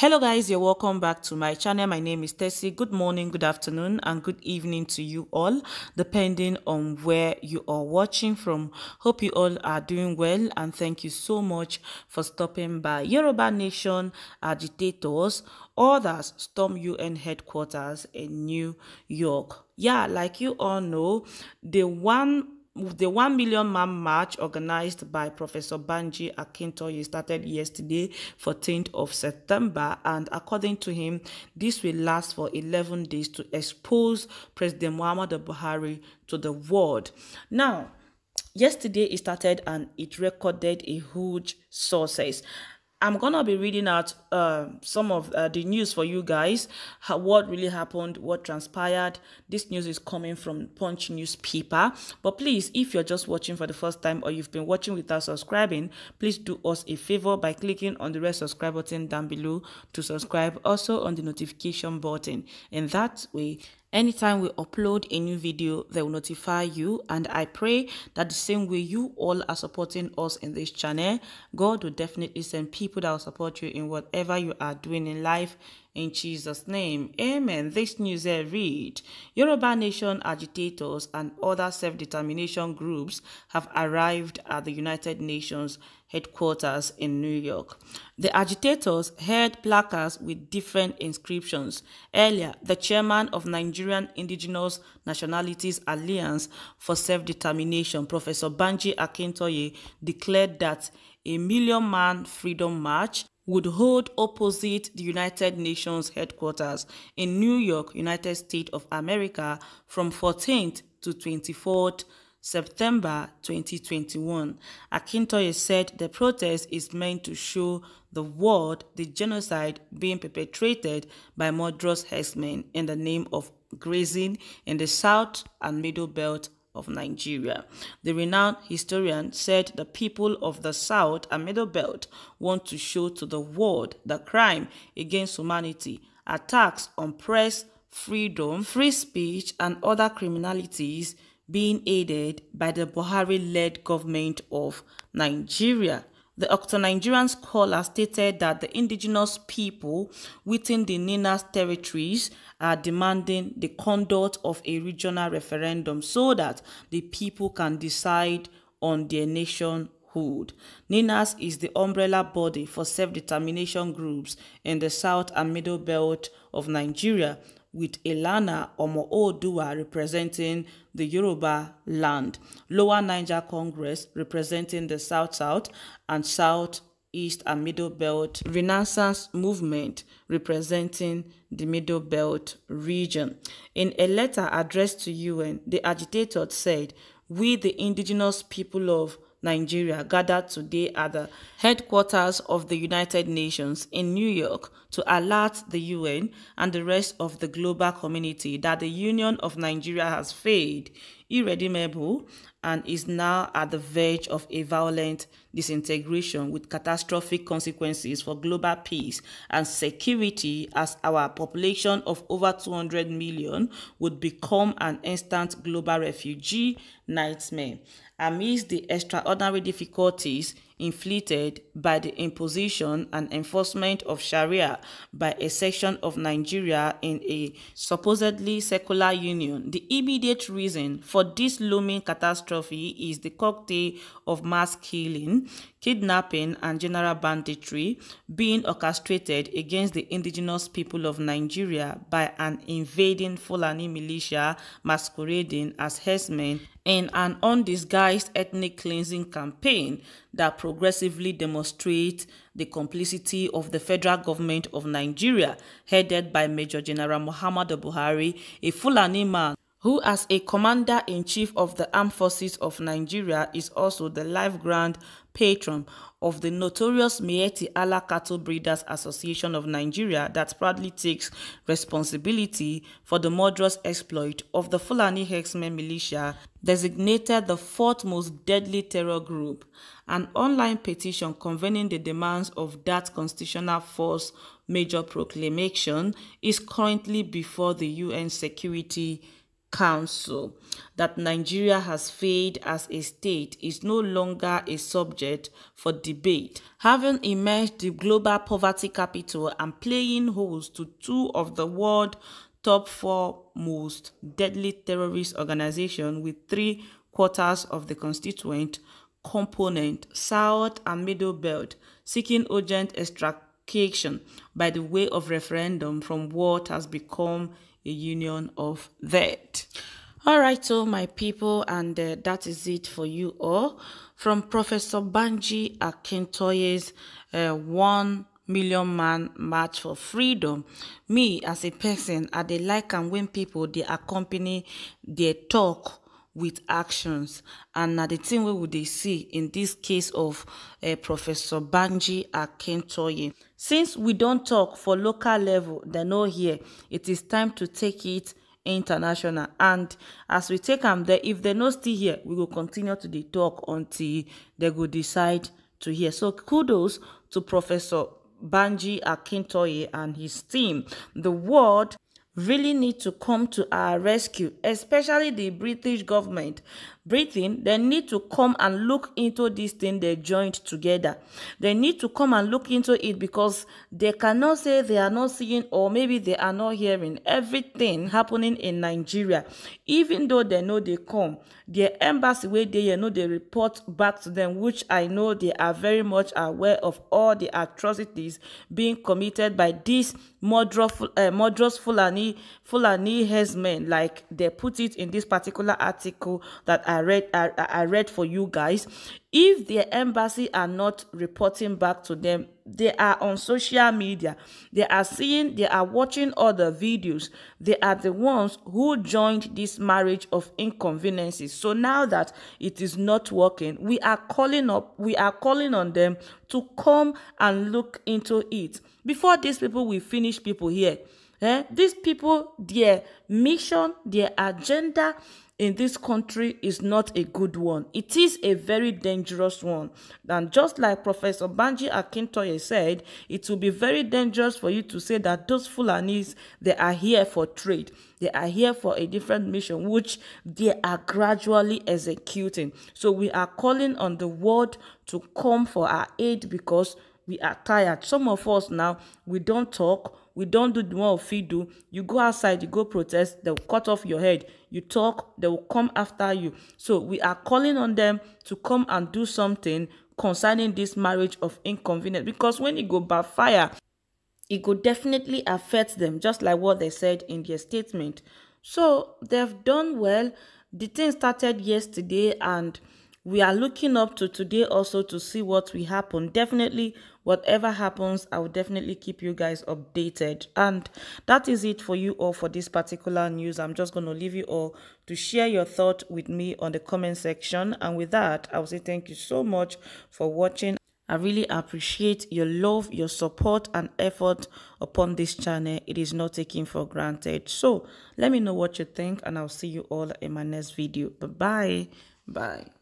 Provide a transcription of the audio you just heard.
hello guys you're welcome back to my channel my name is Tessie good morning good afternoon and good evening to you all depending on where you are watching from hope you all are doing well and thank you so much for stopping by Yoruba Nation agitators others storm UN headquarters in New York yeah like you all know the one the 1 million man march organized by Professor Banji he started yesterday, 14th of September, and according to him, this will last for 11 days to expose President Muhammadu Buhari to the world. Now, yesterday it started and it recorded a huge success. I'm gonna be reading out uh, some of uh, the news for you guys. How, what really happened, what transpired. This news is coming from Punch newspaper. But please, if you're just watching for the first time or you've been watching without subscribing, please do us a favor by clicking on the red subscribe button down below to subscribe. Also on the notification button. In that way, Anytime we upload a new video, they will notify you. And I pray that the same way you all are supporting us in this channel, God will definitely send people that will support you in whatever you are doing in life in Jesus' name, amen. This news I read Yoruba Nation agitators and other self determination groups have arrived at the United Nations headquarters in New York. The agitators held placards with different inscriptions. Earlier, the chairman of Nigerian Indigenous Nationalities Alliance for Self Determination, Professor Banji Akintoye, declared that a million man freedom march would hold opposite the United Nations headquarters in New York, United States of America from 14th to 24th September 2021. Akintoye said the protest is meant to show the world the genocide being perpetrated by murderous herdsmen in the name of grazing in the South and Middle Belt of Nigeria. The renowned historian said the people of the South and Middle Belt want to show to the world the crime against humanity, attacks on press, freedom, free speech, and other criminalities being aided by the Buhari led government of Nigeria. The Octo-Nigerian scholar stated that the indigenous people within the Nina's territories are demanding the conduct of a regional referendum so that the people can decide on their nationhood. Ninas is the umbrella body for self-determination groups in the South and Middle Belt of Nigeria with Elana Omoodua representing the Yoruba land, Lower Niger Congress representing the South South and South East and Middle Belt Renaissance Movement representing the Middle Belt region. In a letter addressed to UN, the agitator said, We, the indigenous people of Nigeria, gathered today at the headquarters of the United Nations in New York to alert the UN and the rest of the global community that the Union of Nigeria has failed irredeemable and is now at the verge of a violent disintegration with catastrophic consequences for global peace and security as our population of over 200 million would become an instant global refugee nightmare. Amidst the extraordinary difficulties inflicted by the imposition and enforcement of Sharia by a section of Nigeria in a supposedly secular union. The immediate reason for this looming catastrophe is the cocktail of mass killing, kidnapping and general banditry being orchestrated against the indigenous people of Nigeria by an invading Fulani militia masquerading as herdsmen in an undisguised ethnic cleansing campaign that progressively demonstrates the complicity of the federal government of Nigeria, headed by Major General Muhammadu Buhari, a Fulani man who as a Commander-in-Chief of the Armed Forces of Nigeria is also the life-grand patron of the notorious Miyetti Ala Cattle Breeders Association of Nigeria that proudly takes responsibility for the murderous exploit of the Fulani Hexmen militia, designated the fourth most deadly terror group. An online petition convening the demands of that constitutional force major proclamation is currently before the UN Security Council that Nigeria has failed as a state is no longer a subject for debate. Having emerged the global poverty capital and playing host to two of the world's top four most deadly terrorist organizations with three quarters of the constituent component, South and Middle Belt, seeking urgent extraction by the way of referendum from what has become a union of that. All right, so my people, and uh, that is it for you all. From Professor Banji Akintoye's uh, One Million Man March for Freedom, me as a person, I dey like and when people They accompany their talk with actions and na the thing we would they see in this case of uh, Professor Banji Akintoye since we don't talk for local level dem no here. it is time to take it international and as we take them there, if dem no still here, we will continue to the talk until they will decide to hear so kudos to professor banji akintoye and his team the world really need to come to our rescue especially the british government breathing, they need to come and look into this thing they joined together. They need to come and look into it because they cannot say they are not seeing or maybe they are not hearing everything happening in Nigeria. Even though they know they come, their embassy where they know they report back to them, which I know they are very much aware of all the atrocities being committed by these murderous, uh, murderous Fulani, Fulani like they put it in this particular article that I I read I, I read for you guys. If their embassy are not reporting back to them, they are on social media. They are seeing, they are watching other videos. They are the ones who joined this marriage of inconveniences. So now that it is not working, we are calling up, we are calling on them to come and look into it. Before these people will finish people here, Eh? These people, their mission, their agenda in this country is not a good one. It is a very dangerous one. And just like Professor Banji Akintoye said, it will be very dangerous for you to say that those Fulanis, they are here for trade. They are here for a different mission, which they are gradually executing. So we are calling on the world to come for our aid because we are tired. Some of us now, we don't talk, we don't do the one we fit do you go outside you go protest They'll cut off your head you talk they will come after you so we are calling on them to come and do something concerning this marriage of inconvenience because when it go fire, it e could definitely affect them just like what they said in their statement so they've done well the thing started yesterday and we are looking up to today also to see what will happen definitely whatever happens i will definitely keep you guys updated and that is it for you all for this particular news i'm just going to leave you all to share your thought with me on the comment section and with that i will say thank you so much for watching I really appreciate your love, your support, and effort upon this channel. It is not taken for granted. So, let me know what you think, and I'll see you all in my next video. Bye-bye. Bye. -bye. bye